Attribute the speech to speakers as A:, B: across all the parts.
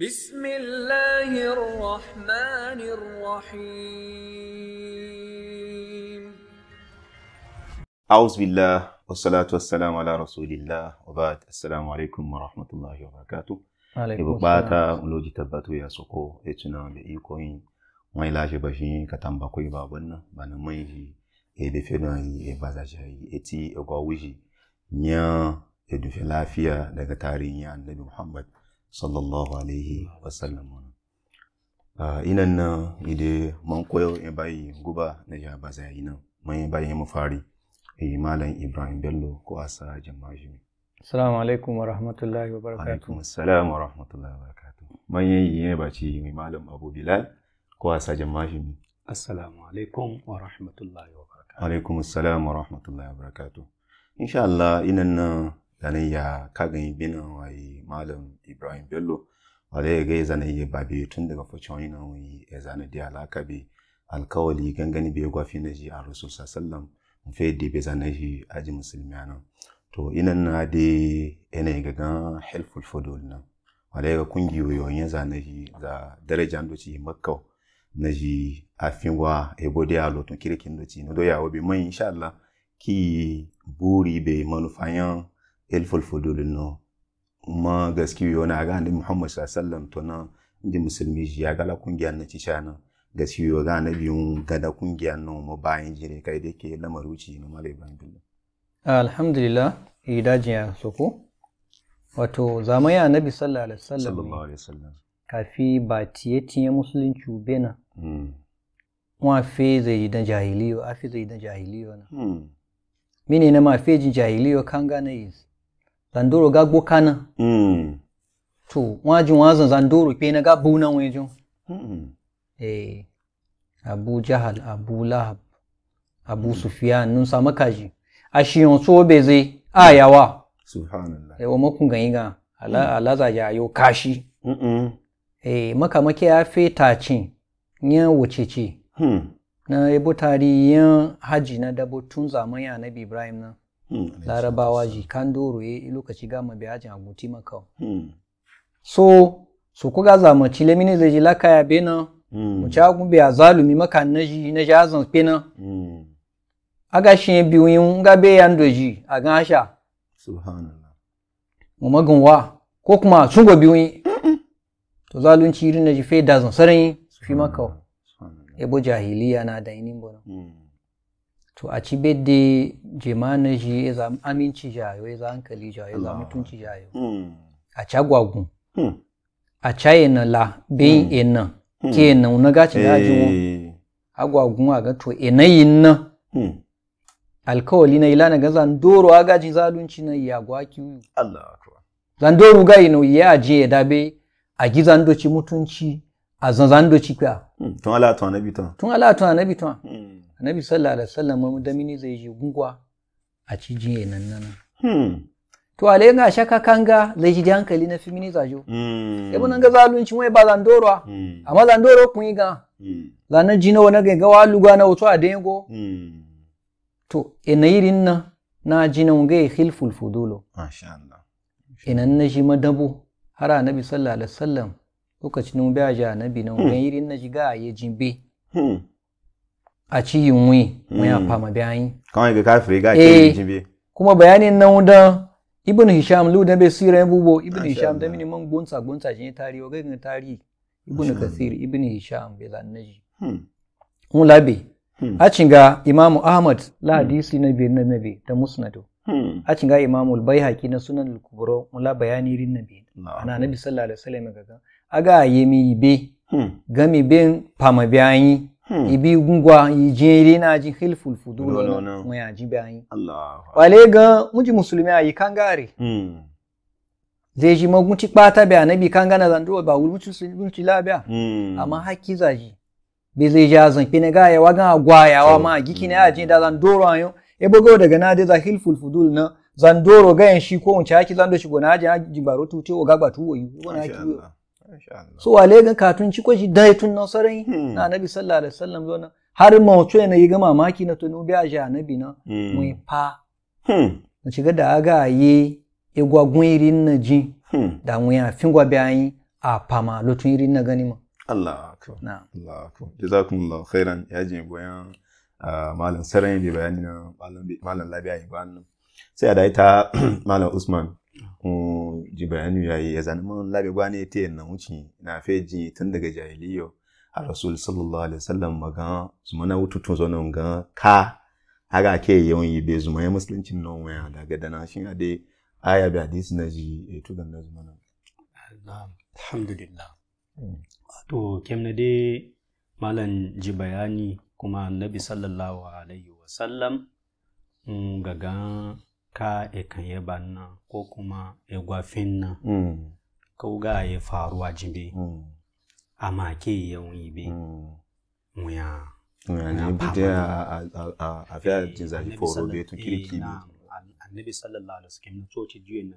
A: بسم
B: الله الرحمن الرحيم
A: أعوذ بالله والصلاة والسلام على رسول الله وبعد السلام عليكم ورحمة الله وبركاته عليكم السلام ملوجي تباتو يا سوكو اتنا بإيكوين mai lashe bashin katamba koi babon nan bana mai ji e be fena yi e baza jari e ti e gwa sallallahu alayhi wa sallam inan na ide man koyo e bayi guba na ja baza yi nan man yi bayi mu fari e, malam ibrahim bello ko
C: asa jama'a jimi assalamu alaikum wa rahmatullahi wa barakatuh alaikum assalam wa rahmatullahi wa
A: barakatuh man yi yi ba ci mai malam abu bilal ko asa jama'a jimi
D: assalamu alaikum wa rahmatullahi wa
A: barakatuh alaikum assalam wa rahmatullahi wa barakatuh insha Allah inan na ya kagan binin wai malam ibrahim bello wale ya gai ya babe tun daga fuchon na wai ya zana da alaka bi alkawali gangani bai gwafi na ji a rasul sallam mu fe di be zanayi aji musulmi nan to inan na de yana ga gan helpful fodol nan wala ya kungiyoyin ya shi da darajan doci makka na ji afin wa ebo de alo tun kirkin doci na doya yawo bi mai insha Allah ki buri be manufayan elfol fodolin no ma gaski yo na ga annabi muhammad sallallahu alaihi wasallam to na inji musulmi ji ya gala kungiyar na ci shana gaski yo ga annabi un gada kungiyar no mu bayan jire kai da ke lamaruci na mare ban billah
C: alhamdulillah idajin ya soko wato zamaya annabi sallallahu alaihi wasallam sallallahu alaihi wasallam kafi ba tiye tiye musulunci bena hmm. wa fe zai dan jahiliyo a fe zai dan jahiliyo na mine hmm. na ma fe jin jahiliyo kan gane yi zandoro ga gbo kana
B: mm.
C: to waji wazan zandoro pe na ga bu nan wejo mm. eh abu jahal abu lahab abu mm. sufiyan nun sa makaji a shi yon so be zai a subhanallah eh wa makun ganyi ga ala ala za ya yo kashi mm eh maka make ya fe tacin nya wucece hmm. na ebo tari yan haji na dabo tun zaman ya nabi ibrahim na Hmm. larabawa ya ye eh, eh, lokaci gama biyajin aguti maka hmm. so so kuga zama cile mini zai ji lakaya bena hmm. mu ci agun a zalumi maka na ji na ji azan pena ga shi biyu yin ga be yan doji a gan asha mu magan wa ko kuma sun go biyu yin to zalunci irin na ji fe sarayi sarin fi maka ebo jahiliya na da inin bono to a ci bedde je shi ji ya zama aminci jayo ya zama hankali jayo ya zama mutunci jayo hmm. a ca gwagun hmm. a ca na la bin yana ke na wuna gaci na eh. ajiwo a gwagun a ga to ina yin nan hmm. alkawali na ilana ga zan doro a gaji zalunci na ya gwaki zan doro ga na ya aje ya dabe a gi zan doci mutunci a zan zan doci kwa
A: tun ala tun anabi tun
C: tun tun annabi sallallahu alaihi wasallam da mini zai ji gungwa a cijin yanan nan hmm. to ale ga shaka kanga zai ji hankali na fi mini zajo ya hmm. bunan ga zalunci wai ba zandorwa hmm. amma zandoro kun yi ga zanan jina wani ga gawa luga na wato a dengo to enayirin nan na jina wanga e khilful fudulo masha Allah inan e na shi madabo har annabi sallallahu alaihi wasallam lokacin mun biya ji annabi nan wanga irin na shiga ya jimbe aci yunwi mwya hmm. pama bayan kawai ga kafiri ga ke eh, jibe kuma bayanin nan da ibn hisham lu da bai sira bubo ibn hisham da mini man gonsa gonsa shi tarihi ga ga tarihi ibn kasir ibn hisham bai zannaji mun hmm. labe hmm. a cinga Imam ahmad la hadisi na biyar na nabi da musnadu a cinga imamu albayhaqi na sunan al-kubra mun la bayani rin nabi ana nabi sallallahu alaihi wasallam ga aga yemi be gami ben pama bayani Hmm. ibi gungwa ijere na jin hilful fudulo no. mu ya ji bayi wale ga muji musulmi ayi kangare hmm. zai ji magun ci kpata bi anabi bi kangana zando ba wuri mutunci labiya
B: hmm. amma
C: haki zaji bai zai ja zan kine ga ya wagan wa ma giki ne ajin da zan doro ayo e bogo daga na dai za hilful fudul na zan doro ga yan shi ko mun haki zan do shi gona ajin ajin tuti tuce o gagba tuwo yi gona haki so wale gan katun ci kwashi dai tun no sarai hmm. na nabi sallallahu alaihi wasallam zo na har wato na yi ga mamaki na tunu bi aja nabi na
B: hmm. mu fa.
C: Mu hmm. shiga da aga yi igwagun irin na ji da mu ya fin gwa bayan a fama lotun irin na gani ma
A: Allah akbar
C: Allah akbar
A: jazakumullahu khairan ya ji goyan malam sarai bi bayani na malam labiya ibanu sai a da ita malam Usman jibranu yayi ya zane mun labe gwane ta na wuce na feji tun daga jahiliyo a rasul sallallahu alaihi wasallam maga zumana wutu tun zonon ga ka haga ke yawan yi be zuma ya musuluncin non waya daga dana shin ade aya bi hadisi na ji e hmm. to dan na nan.
D: alhamdulillah to na dai malam ji bayani kuma annabi sallallahu alaihi wasallam gaga mm, ka ekan banna na ko kuma egwafin na mm. ko ga ya faruwa jibe mm. amma ke yawon ibe muya
A: muya ne bide a mm. mm, fiya jinzari eh, foro da tun kirki eh, ne
D: annabi sallallahu alaihi wasallam coci juye na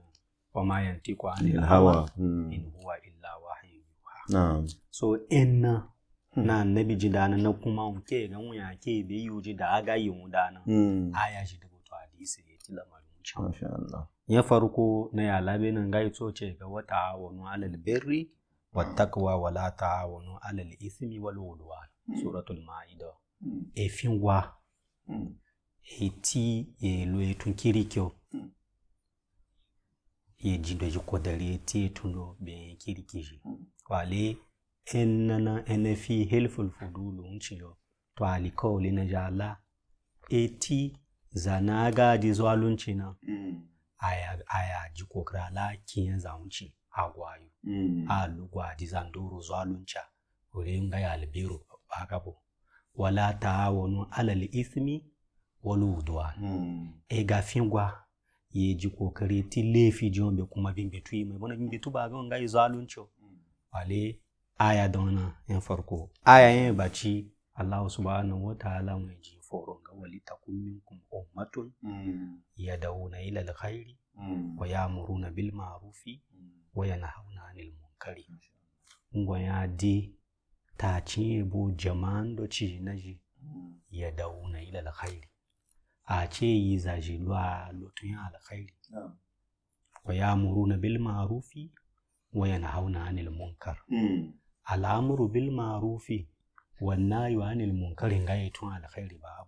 D: wa ma ko an hawa mm. in huwa illa wahyu na so in na hmm. na annabi ji dana na kuma ke ga muya ke be yuji da aga yi mu dana hmm. aya shi da to hadisi ya tilama ya farko na yala benin gaito ce ga wata wani alal birri watakwa wala wani alal ismi wal wudwa hmm. suratul ma'ida hmm. efin wa hmm. eti elo etun kirikyo ye jido jiko dare eti etuno be e kirikiji wale enana enefi helpful fudulu nchiyo to alikawli na jala eti zanaga di lunci na mm. aya ji jikokra la kiyan zaunci agwayo a mm. lugwa di zanduru zwalunca wuri nga ya albiru bagabo wala wani alal ismi wal udwan mm. e gafingwa ye ji kokari ti lefi jombe kuma bimbe yi mai bona bimbe tuba ga nga zalunci mm. wale aya dona yan farko aya yin baci Allah subhanahu wa ta'ala mai ji foronga walitakun kum ummatun mm. yad'una ila alkhairi mm. wa muruna mm. bil ma'rufi wa nahawna 'anil munkari ya di ta cinye bo do ci naji yad'una ila alkhairi a ce yi zaji lwa lotun ya alkhairi wa muruna bil ma'rufi wa nahawna 'anil munkar al'amuru bil ma'rufi wannan yi wa anil munkarin gaya tun alkhairi ba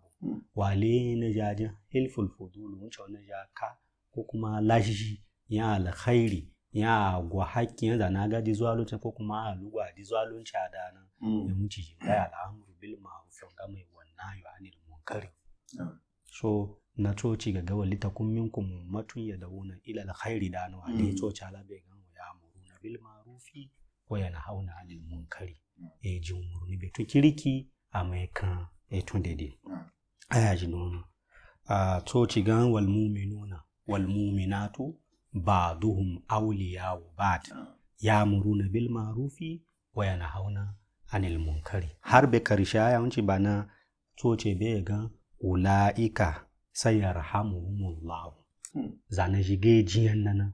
D: wale na jajin hilful fudulu wuce wani jaka ko kuma lashi ya alkhairi ya gwa haƙƙi ya zana ga zuwa zuwa ko kuma a lugwa di zuwa lunci a dana mm. ya muci ji da al'amuru bil ma'arufin ga mai wannan yi wani munkari mm. so na coci ga gawa lita kun minkum matun ya dauna ila alkhairi da anwa dai mm. coci ala bai gan ya muru na bil ma'arufi ko yana hauna anil munkari e eh, jin murni bai to kiriki a mai kan e eh, daidai aya ji nono a coci gan walmuminuna walmuminatu ba'duhum Ya muru na bil ma'rufi wa hauna 'anil munkari har be karshe aya wanci na coci be gan ula'ika sayarhamuhumullahu hmm. zane shige jiyan nana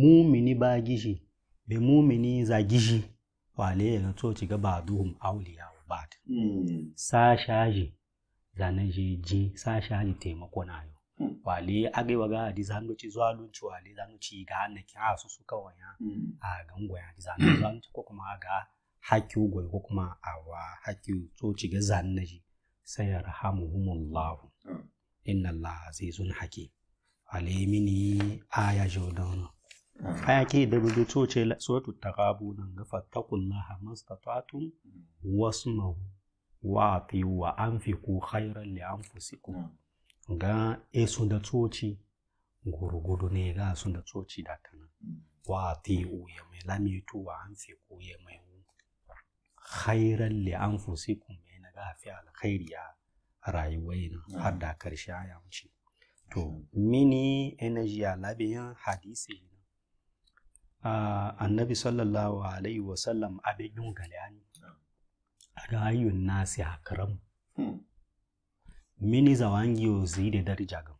D: mumini ba gishi be mumini za gishi wale ya coci ga ba duhun duhum auliya
B: wa hmm.
D: sa shaji Zanen shi ji sasha ni taimako na yau. Hmm. wale agaiwa ga di zanu ci zuwa lunci wale zanu ci ga na ki a su su kawai hmm. a gango ya di zanu zanu ci ko kuma ga haki goyi ko kuma a wa haki so ci ga zanen na ji sai yarhamuhumullah hmm. inna allaha azizun hakim wale mini aya jodon aya ke da bude to ce suratu taqabu nan ga fattaqullaha mastata'tum wasmahu wa fi wa ku khairan li anfusikum ga e sun da tsoci gurgudu ne ga sun da tsoci da kana mm. wa atiyu ya mai lamitu wa ku ya mai khairan li ku mai na ga fi alkhairi ya rayuwai na har da karshe ya wuce to mini energy a labiyan hadisi A ah, annabi sallallahu alaihi wasallam abin yin ne? rayun nasi hakram hmm. mini Zai zide darija gam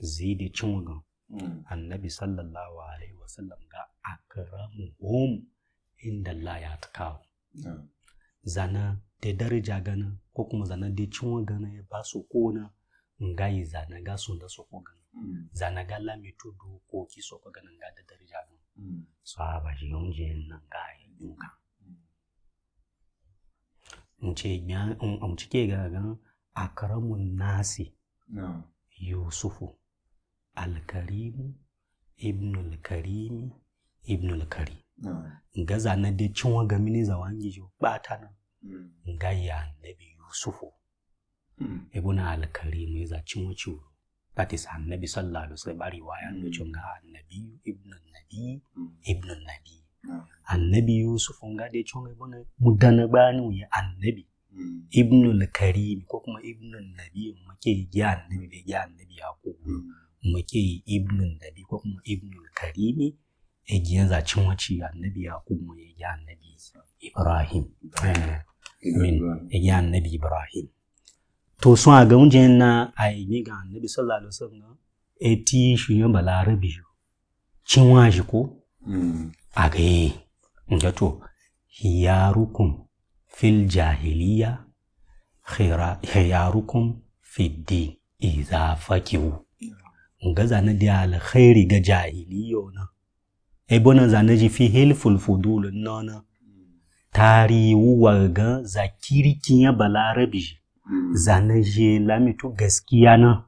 D: zide cingam hmm. annabi sallallahu alaihi wasallam ga akramu hum inda Allah ya takawo hmm. zana da darija gana ko kuma zana da cinwa gana ya ba su kona ngai zana ga su da su gana zana ga lami tudu ko ki so gana ga da darija gana sahaba shi yonje nan ga yi duka in ce in cike gagan akramun nasi yusufu alkarimu ibnul karimi ibnul kari gaza na de cinwa ga mini za jo bata na hmm. yusufu hmm. ibuna alkarimu yaza cinwa ciwo that is annabi sallallahu alaihi wasallam riwaya hmm. no cinga annabi
B: ibnu nabi ibnu nabi
D: annabi yusuf nga da chon ibn mudana banu ya annabi mm. ibnul karim ko kuma ibnul nabi muke yi annabi bai yi annabi ya ko muke mm. yi ibnul nabi ko kuma ibnul karimi egiyan zacin wace annabi ya kuma ya yi annabi ibrahim e ya annabi ibrahim to sun a gaun jen na a e yi ga annabi sallallahu alaihi wasallam eti shi yan balarabi cin wa shi ko mm. agaye ga to hiyarukun fil jahiliya hiyarukum fiddi iza ga zane da alkhairi ga jahiliyo na ebona zane ji fi hilful fudulun nona tariwu ga za ya balarabi zane ji lamitu gaskiya na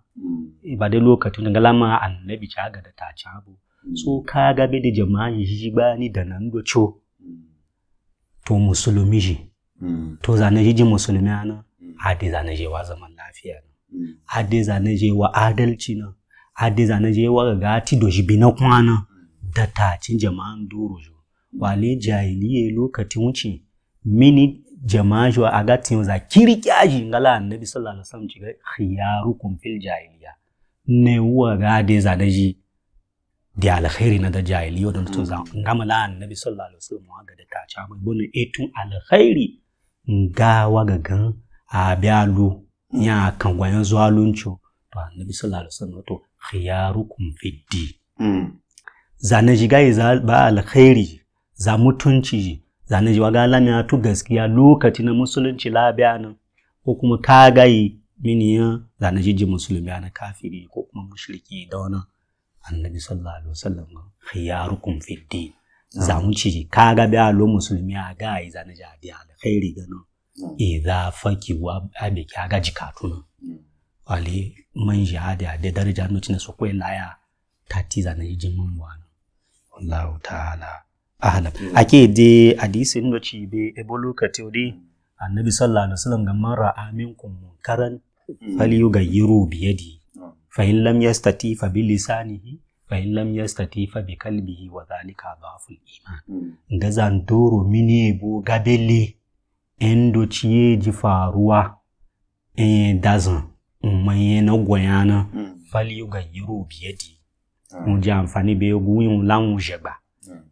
D: ibadai hmm. lokacin da galama annabi caga da ta cabo so ka ga bi da jama'i shi ba ni da nan gocho to musulmi shi to zane shi ji musulmi ana ade zane shi wa zaman lafiya na ade zane shi wa adalci na ade zane shi wa ti do shi bi na kwana da cin jama'an doro jo wale jahiliye lokacin wuce mini jama'a shi a tin za kirkiya shi ngala annabi sallallahu alaihi wasallam ji ga khiyarukum fil jahiliya ne wa ga de za shi Di alkhairi na da jahiliyo don tun za la annabi sallallahu alaihi wasallam ga da cha mai bonin etun eh, alkhairi ga ga gan bialu nya kan gwayan zuwa luncho to annabi sallallahu alaihi wasallam to khiyarukum fiddi mm. za na jiga za ba alkhairi za mutunci za na wa ga lamya tu gaskiya lokaci na musulunci la nan ko kuma kagayi miniya za na ji musulmi ana kafiri ko kuma mushriki da wannan annabi sallallahu alaihi wasallam khiyarukum fid din za mu ci ka ga da lo musulmi a ga yi zana ja da alkhairi gano hmm. idza faki wa abi kaga ga jikatuna hmm. wale man jihada da daraja no cin su ko laya tati zana yi jimin wa wallahu ta'ala ahla hmm. ake de hadisi no ci be ebo lokati odi annabi sallallahu alaihi wasallam ga man ra'a minkum munkaran falyughayyiru biyadihi fa in lam yastati fa bi lisanihi fa in lam yastati fa bi qalbihi wa dhalika dhaful iman hmm. ga zandoro mini bo gabele endo ciye ji faruwa eh dazan mai na goyana hmm. fali yugayyiru biyadi mu hmm. ji amfani be guyin lanwu shagba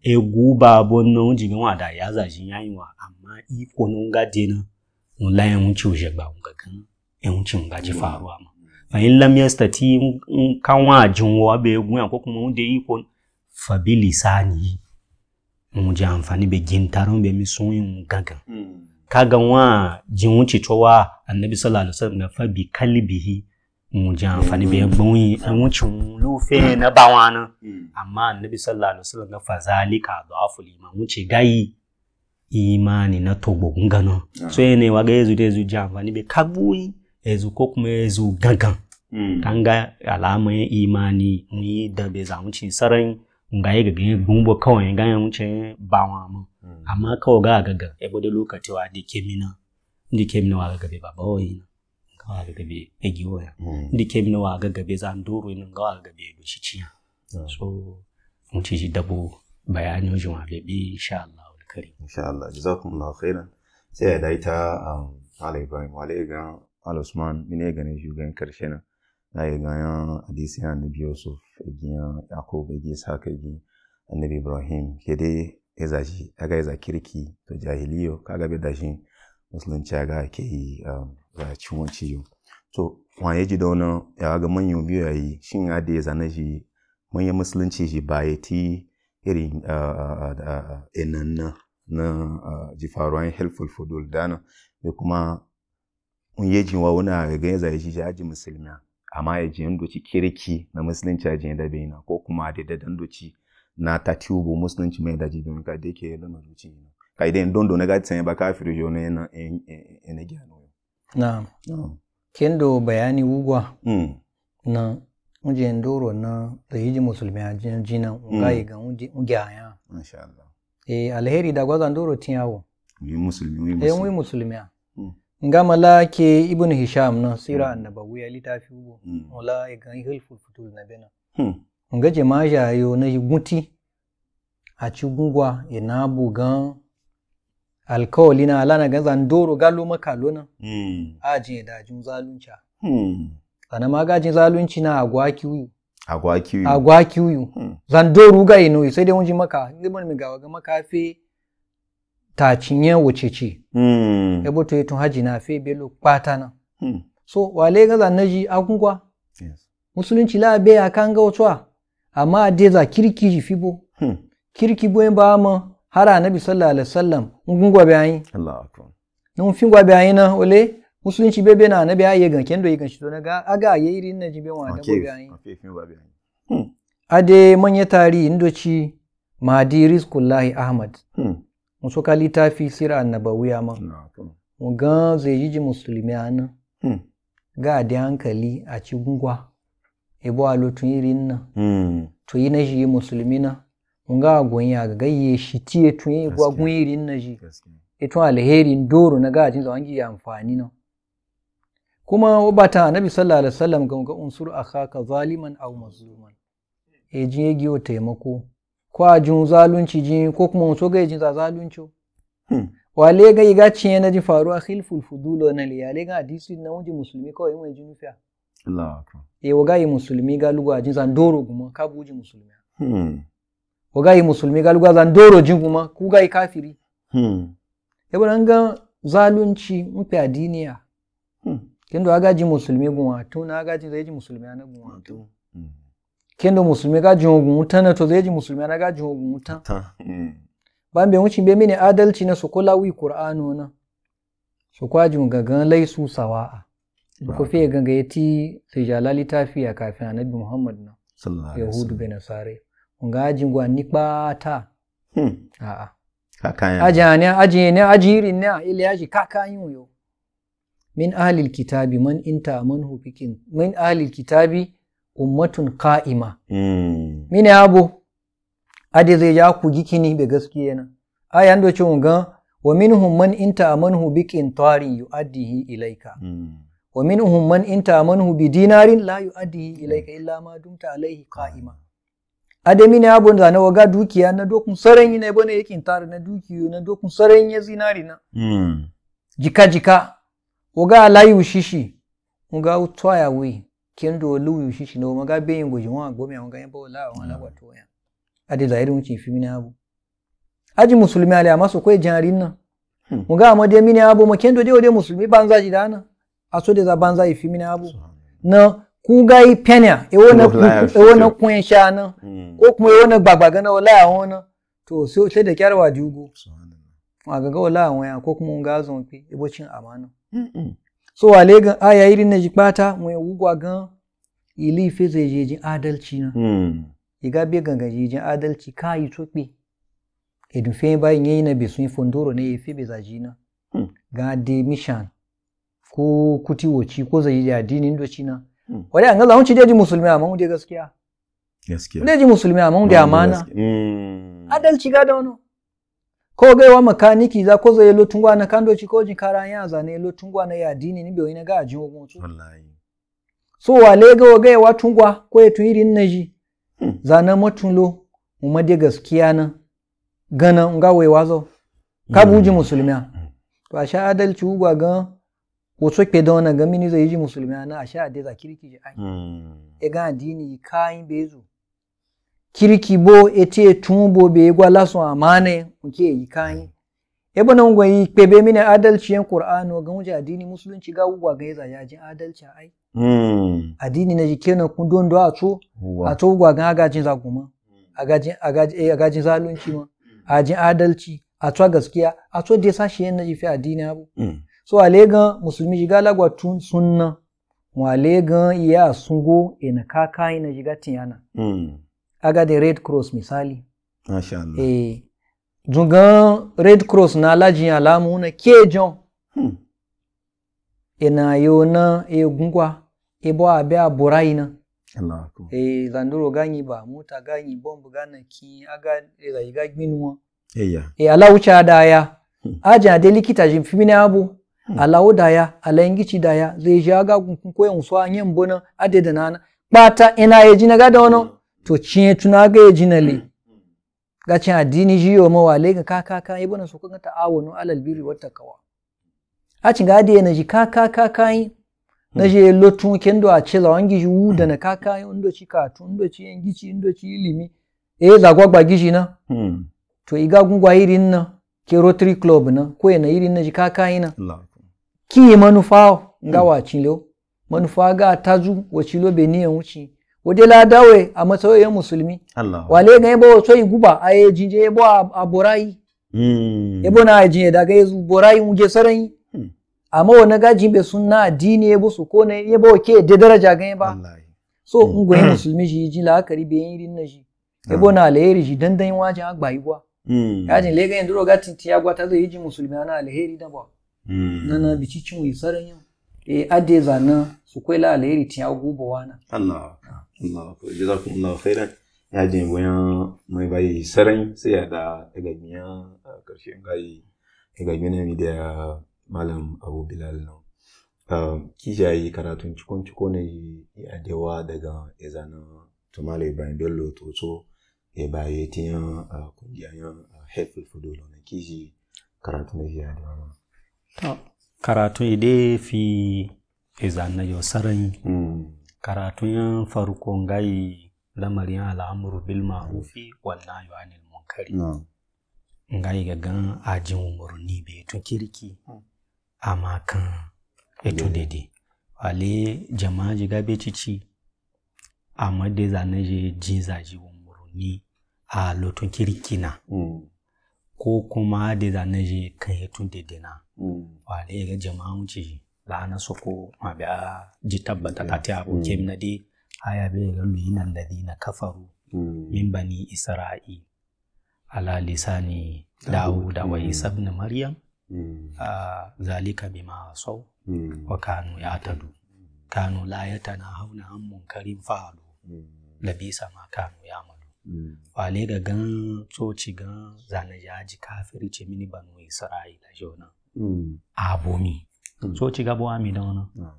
D: egu ba bonno unji ga wada ya zashin yayin wa amma iko nun gade na mun layan mun ci shagba mun ga kan en mun ci mun ga ji faruwa ma fahim in lam yastati in kan wa jinwa be gun ko kuma mun de ko. fa bi yi mun ji amfani be gintarun be mi sun yin hmm. Ka ga wa jinwu ci towa annabi sallallahu alaihi wasallam na fa bi kalbihi mun ji amfani be gbon yi an wucin lufe hmm. na nan. Hmm. amma annabi sallallahu alaihi wasallam na fa zalika da'aful iman wuce gayi imani na togo gano ah. so ne wa ga yezu de zu je amfani be kagbuyi ezu ko kuma ezu gangan hmm. kan ga alamun imani ni da bai zamu ci saran nga ye gaga gumbo kawai nga ye wuce wa mu hmm. amma kawai ga gaga e bude lokaci wa di kemina ndi kemina wa gaga ba ba oyi ka wa gaga be e giwo ya ndi kemina wa gaga be zan duro ni ga wa gaga hmm. do shi ciya so mu ci dabo bayanin jin wa be insha Allah kare insha Allah
A: jazakumullahu khairan sai da ita um Ibrahim wale ga al-usman ne gane shugan karshe na na yi ganyan hadisi annabi yusuf egiyan yakub egi saka egi annabi ibrahim ke dai ya zaji ga ya kirki to jahiliyo ga bai dashi musulunci ga ke yi za ciwon ciyo to wa ya ji da wani ya ga manyan biyu ya yi shin ya da ya zana shi manyan musulunci shi ba ya ti irin enan na na ji helpful fudul dana da kuma unyeji wa wuna ga ganye zai ji jaji musulmiya amma ya ji yadda kirki na musulunci a jiyar dabe na ko kuma da da doci na ta tubo musulunci mai daji domin ka dake yi lama doci ne ka idan dondo na gati sanya ba kafiri jo eh, eh, eh, ne na ene gyano
B: na
C: kendo bayani wugwa hmm. na unje ndoro na da ji musulmi a jiyan jina ungayi ga unge aya alheri da gwazan doro tiyawo ni musulmi musulmi musulmi ngama la ke ibnu hisham no sira hmm. annabawi ya litafi hmm. wala ga hilful futul na bena hmm. nga jema jayo na yuguti a cigungwa ina bugan alkawali na alana ga zandoro galo makalo na hmm. ajin ya dajin zalunca ana ma gajin zalunci na agwa kiwu agwa kiwu agwa kiwi zandoro ga ino sai dai wunji maka ibn mi gawa ga fi ta cinye wuce ci mm. e boto yetu haji na fe belu kwata na mm. so wale gaza na akungwa yes. musulunci la be akanga otwa amma a za kirki ji fibo mm. kirki bo en ba ma hara nabi sallallahu alaihi wasallam ngungwa be ayin Allah akbar nun fingwa be ayin na wale, musulunci bebe na nabi aye gan kendo yi gan to na ga aga aye irin na jibe wa da be ayin okay fingwa be hmm. ade manya tari indoci madi Rizkullahi ahmad hmm. mo soka littafi sira annabawiya ma ga zai ji musulmi anan hmm. ga da hankali a ci gungwa ibo a lotun irin nan hmm. to yi na shi yi musulmi na mo ga a ga gayye shi tiye tun yi gwa gun irin na shi ito e alherin doro na ga jin zawangi ya amfani na kuma wabata annabi sallallahu alaihi wasallam ga unsur akhaka zaliman aw mazluman e jin yagiyo taimako kwa jun zalunci jin ko kuma so ga jin zalunci hmm. wale ga yi gaci yana jin faruwa khilful fudulo na liya le ga hadisi na wajen musulmi kawai mun wajen nufiya E, wa ga waga yi musulmi ga lugwa jin zan doro kuma ka buji musulmi hmm. waga yi musulmi ga lugwa zan doro jin kuma ku ga yi kafiri e bana ga zalunci mufi adiniya kin do aga ji musulmi gunwa tun aga ji zai ji musulmi na gunwa tun kendo musulmi ga jinhogun wuta na to zai ji musulmi na ga jinhogun mm. wuta ban bai wucin be mini adalci na su kula wi qur'ano na su kwajin gangan laisu sawa'a ko fiye ganga ya ti sai jalali tafiya kafin annabi muhammad na yahudu bai nasare nga ajin gwa ni ta.
B: Hmm. a'a kakanya
C: ajanya ajenya ajirin ne ile yaji yin yo min ahlil kitabi man inta manhu fikin min ahlil kitabi ummatun ka'ima
B: hmm.
C: mine abu, adi zai ja ku gikini be gaskiya na Ai ando ce gan, wa min man inta hu bi qintarin yu'addihi ilaika. Hmm. wa min man inta hu bi dinarin la yu'addihi ilaika illa ma dumta alaihi ka'ima. ade mine abu da na waga dukiya na dokun saran ne bane yakin tare na dukiyo na dokun saran yi zinari na hmm. jika jika waga alayu shishi unga ya wuyi. kendo luyu shi no maga beyin a wa gome wa ganyen bawo la wa la mm. wato ya ade da irin ci fimi na abu aji musulmi ale amaso ko jarin na mu ga amade mini abu ma hmm. kendo de ode musulmi banza ji dana aso de za banza yi fimi na abu na ku ga yi penya e wona e wona kun sha na hmm. ko kuma e wona gbagbaga na wala awon na to so sai da kyarwa diugo ma ga ga wala awon ya ko kuma un ga zon fi ibocin e amana so ale gan yi irin na jikpata mu wugwa gan ili fe zai je jin adalci na mm. iga be gan gan jin adalci ka yi tope edun fe bayin yayi na be sun fondoro ne e fe be zaji na hmm. ga de mission ko kuti woci ko zai yi addinin doci na hmm. wani an gaza wuce ci musulmi a mu gaskiya
B: gaskiya deji musulmi a mu amana
C: hmm. adalci ga da wani makaniki za ko yelo tungwana kando chikoji karanyaza ne yelo tungwana ya dini ni na ga ajin ogunsu wallahi so walege ga wa tungwa ko tu irin naji hmm. zana matunlo umade gaskiya na gana nga wazo ka buji hmm. musulmiya to a sha adalci ugwa ga wasu ke da wani ga mini zai ji musulmiya na a sha adai za kirki ji
B: ai hmm.
C: e ga addini kai bezu kirki bo ete etun bo be gwa lasun amane nke yi E, ebe nan gwayi pebe mini adalci yan qur'ano ga wuce addini musulunci ga gwa ga yaza yaji adalci ai
B: hmm.
C: addini na jike na kun don a to a to gwa ga agajin za kuma agajin agajin eh, zalunci ma jin adalci a to gaskiya a to dai sashi yan naji fi addini abu hmm. so ale ga musulmi shiga lagwa tun sunna wale ga iya sungo ina kakai na shiga tiyana hmm. aga red cross misali Masha Allah. Eh, zungan red cross na lajin alamu na kejon hmm. ina yo na egungwa ebo abe aburai na Allah ko eh zanduro ganyi ba mota ganyi bomb gana ki aga e ila iga gminwa eya eh, eh ala ucha daya hmm. aja de likita jin fimine abu hmm. Ala ala daya ala ingichi daya zai jaga kun koyon so anyen bona ade da nana bata ina yeji na ga da wono to cinye tuna ga ya jinale ga cin addini jiyo mawale ga kaka ka ibn su kun ta awonu alal birri wata kawa a cin ga da na ji kaka ka kai na je lotun ndo a ce wangi giji wu da na kaka ndo ci ka tun do ci yan gici ndo ci ilimi eh zagwa gba gishi na hmm. to iga gungwa irin na ke rotary club na ko yana irin na ji kaka na. ki manufa ga cin lo manufa ga tazu wacin lo be niyan wuci waje la dawe a matsayin musulmi wale ga yabo so yi guba a yi jinje yabo a borayi
B: hmm.
C: yabo na jinje daga yi borayi muge sarayi. Hmm. amma wani gaji bai na addini yabo su ko na yabo ke da daraja ga ba so hmm. ungoyi musulmi shi ji la'akari akari bai yi rinna shi yabo na alheri shi dandan wajen agba yi gwa yajin lega yin duro gatin tiyagwa ta zai yi ji musulmi ana alheri da ba na na bicicin wi sarai e ade zana su kwela aleri tin agubo wana
A: Allah Allah ko jazakum Allah khairan ya je boyan mai bayi sarai sai ya da daga miya karshen gayi daga miya mi da malam Abu Bilal no kijayi karatun cikon ciko ne ya dewa daga izana tumala Ibrahim Bello Toto ya baye tiyan kungiyan helpful fudolo na kiji
D: karatun da ya karatun ide fi izanna yo sarai karatun yan farkon gai lamarin al'amuru bil ma'rufi wal nahyi anil munkari ngai ga gan ajin umurni be to kirki hmm. amma kan eto dede ale jama'a ji gabe cici amma dai zane je jin zaji umurni a lotun kirki na hmm. ko kuma dai zane je kan eto dede na wale ga jama'uci lana ko ma biya ji tabbata ta ta abu mm. kem na di aya be ga luyina na kafaru mm. min bani isra'i ala lisani dawo da wai mm. ibn maryam zalika ma sau wa kanu yatadu kanu la hauna an munkarin fa'alu labisa ma kanu ya'malu wale ga gan coci gan zane ya ji kafirci mini banu isra'ila jona A bomi hmm. so chiga hmm. zane ma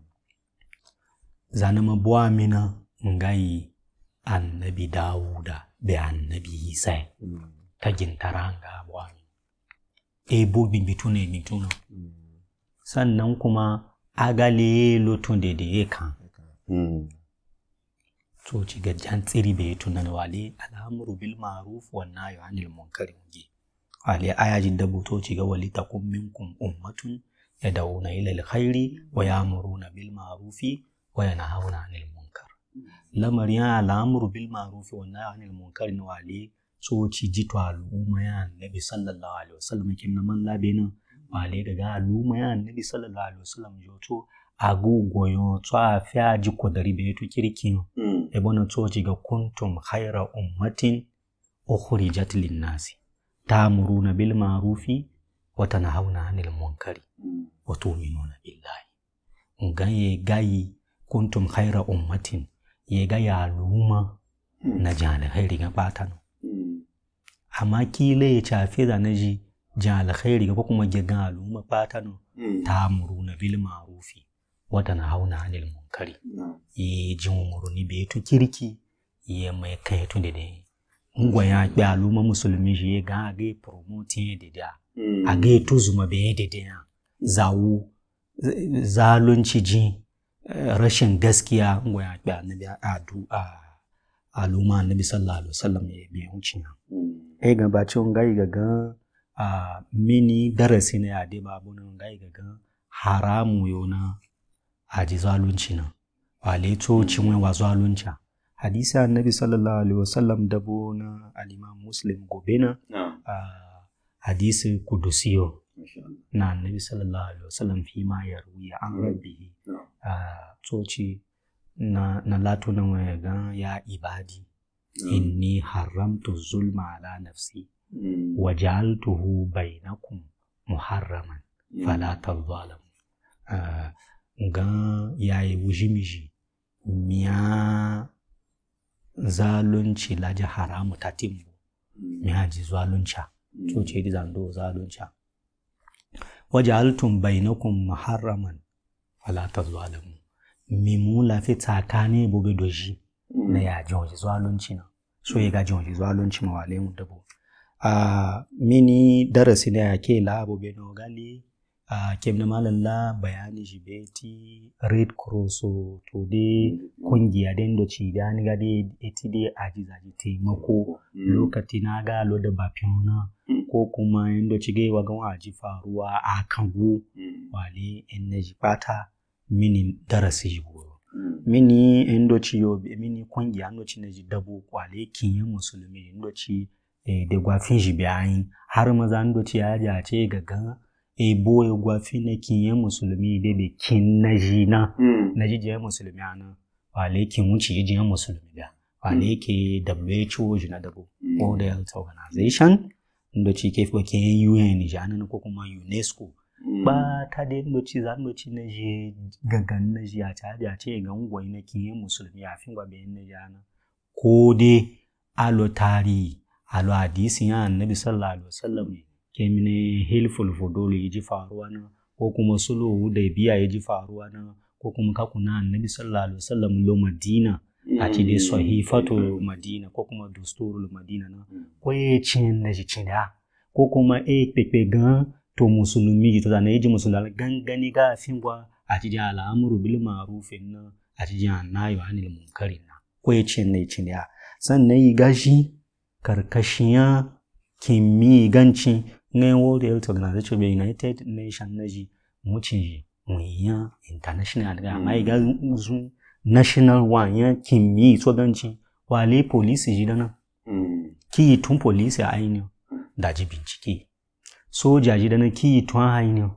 D: zanama bwami na ngayi annabi dawuda be annabi isa hmm. ta gintaranga bwami e bobi bitune mituno sannan kuma agale lotun da ya e kan e so ci ga jan tsiri bai tunan wale al'amuru bil ma'ruf wan nahyu anil ali ayajin da butoci ga wali takun minkum ummatun dauna ilal khairi wa ya'muruna bil ma'rufi wa yanhauna 'anil munkar ya al'amru bil ma'rufi wa nahyi 'anil munkar ne wali soci jito al'umma ya annabi sallallahu alaihi wasallam kin man nan wale daga al'umma ya annabi sallallahu alaihi wasallam joto agogoyon to afia fi aji kodari bai to kirkin ebonin to hmm. ga kuntum khaira ummatin ukhrijat lin nasi ta'muruna bil ma'rufi wa tanhauna 'anil munkari mm. wa tu'minuna billahi ngaye gayi kuntum khaira ummatin ye gaya luma mm. na jani khairi ga batano mm. amma kile ya cafe da naji jani khairi ga kuma ga luma batano ta'muruna bil ma'rufi wa tanhauna 'anil munkari ye jin be tu kirki ye mai kai to da dai ngwanya kpe aluma musulmi shi ga ga promote ya dede hmm. a ga to zuma bai ya dede ya zawo zalunci ji eh, rashin gaskiya ngwanya kpe annabi adu a aluma annabi sallallahu alaihi wasallam ya bi hunci ya ai hmm. eh, ga ba cin gai ga gan a mini darasi ne a dai babu nan gai ga gan haramu yo na aji zalunci na wale to cin wa zalunci hadisi annabi sallallahu alaihi wasallam dabo na aliman muslim gobe na hadisi kudusiyo na annabi sallallahu alaihi wasallam fi ma ya ruya an rabbihi a tsoci na latunan waya ya ibadi inni haramtu zulma ala nafsi mm. wa ja'altuhu bainakum muharraman mm. fala tadhalamu ga yayi wujimiji miya zalunci laji haramu tatimmu mi mm. haji zalunca mm. cuce di zando zalunca waje altun bainakun maharaman. wala ta zalimu mi mu lafi tsakani bobe doji na mm. ya waje zalunci na so ya gaji waje zalunci ma wale mu dabo a ah, mini darasi na ya ke labo bobe no kemna malam la bayani shi beti red cross to de kungiya den do ci da ni ga eti de aji ji taimako mm. lokaci na ga lo da bafiona mm. ko kuma yin do ci gaiwa ga waji faruwa a kango mm. wale en na ji fata mini darasi ji mini en do ci yo mini kungiya no ci na ji dabo wale kinyan musulmi en do ci eh, da gwafin shi bayan har maza en do ci ya ce ga ga ebo egwafi na kinye musulmi de be kin na jina hmm. na jijiya musulmi ana wale kin wuce jijiya musulmi da wale hmm. ke WHO jina dabo World hmm. Health Organization inda ci ke fuke UN jana ko kuma UNESCO ba ta da inda ci za mu ci na je gangan na ji a ta da ce ga ngwai na kinye musulmi a fin gwabe na jana ko de alo tarihi alo hadisi ya annabi sallallahu alaihi wasallam kemine helpful fodolo yaji faruwa na ko kuma sulu da biya yaji faruwa na ko kuma ka kuna annabi sallallahu alaihi wasallam lo madina ati de mm. sahifatu madina ko kuma dusturul madina na mm. ko ye cin na ji cin da ko kuma e pepe gan to musulumi ji to na ne ji musulal gan gani ga fingwa ati de al'amuru bil ma'rufin na ati de annahi wa anil munkari na ko ye cin ji cin da sannan yi gashi karkashiyan, kimi kimmi ganci ne World Health Organization be United Nations na ji mu ci ya international ga amma ga mm. zu national one ya kimi so ganci wale polisi ji dana mm. ki tun polisi a ainihin da ji bincike soja ji dana ki tun a ainihin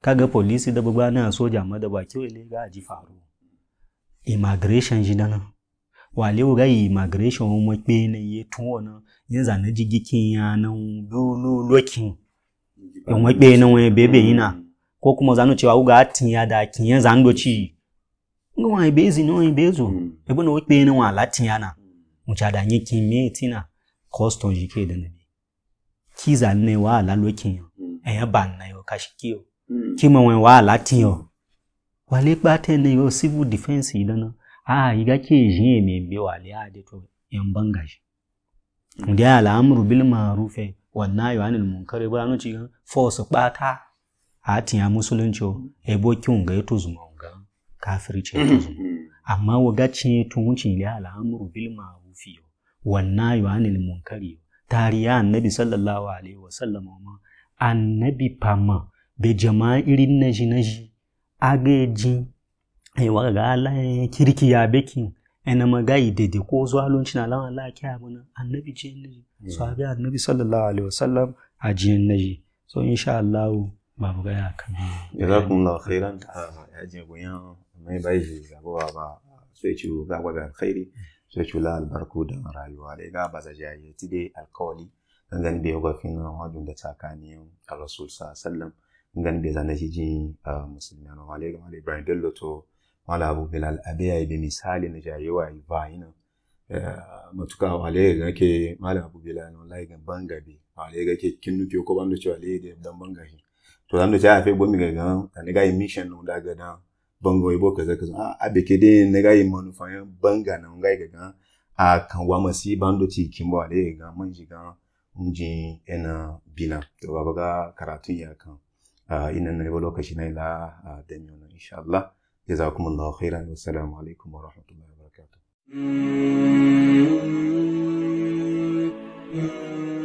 D: kaga polisi da bugba na soja ma da baki wale ga ji faru immigration ji dana wale ga immigration mu pe na ye tun wannan yinza na jigi kinya na lulu lokin in wabe na wani bebe yina ko kuma zanu cewa uga tinya da kinya zan doci nga wani bezi mm. e na wani bezo ebe na wabe na wani latinya na mucha da nye kimye tina koston jike da nabi kiza ne wa ala lokin yo mm. eyan ba na yo kashiki yo mm. kima wani wa ala tiyo wale kpate ne yo civil defense idana a iga ke jin eme mbe wale a de to yan bangashi ǹdí àlàámùrù bílí wannan wọ̀nà ayọ̀ ànil mùnkárẹ́ ba nù cikin fọ́ọ̀sì a àti ya musulunci ẹ̀bọ́ kí òǹgà yẹ tó zuma òǹgà kafiri ce tó Amma àmọ́ ce gá ciye tó al'amuru bil ǹdí àlàámùrù bílí màrúfẹ́ wọ̀nà ayọ̀ ànil Tari tariya annabi sallallahu alaihi wasallam ma annabi fama be jama'iri naji naji agajin ai wa ga Allah eh, kirki ya bekin ena magai dede ko zo zalunci na lawan Allah kya bana annabi je naji mm. abi annabi sallallahu alaihi wasallam a je naji so insha Allah ba mu ya kan jazakumullahu
A: khairan ah, ya je goyan mai bai ji gabawa ba sai ci ga gwada khairi sai ci la albarku da rayuwa da ga ba za jaye ti dai alkawali dan gan da ga fina hajjun da tsakanin rasul sallallahu alaihi wasallam dan da zanaji ah, musulmi na wale ga wale ibrahim dello to wala abu bilal abe ya yi misali na jaye wa ba ina eh, matuka wale ga ke mala abu bilal wallahi ga banga bi wale ga ke kin nufi ko ban da cewa le da dan banga shi to dan da ta yafe gomi ga gan ta ne ga mission no ga dan bango ibo kaza kaza a be ke de ne ga manufa yan banga na ga ga gan a kan wa masi bando ci kin ba wale ga man shi gan injin ina bina to baba ga karatun ya kan ina na lokaci na ila da miyo insha Allah جزاكم الله خيرا والسلام عليكم ورحمة الله وبركاته mm-hmm.
B: Mm-hmm.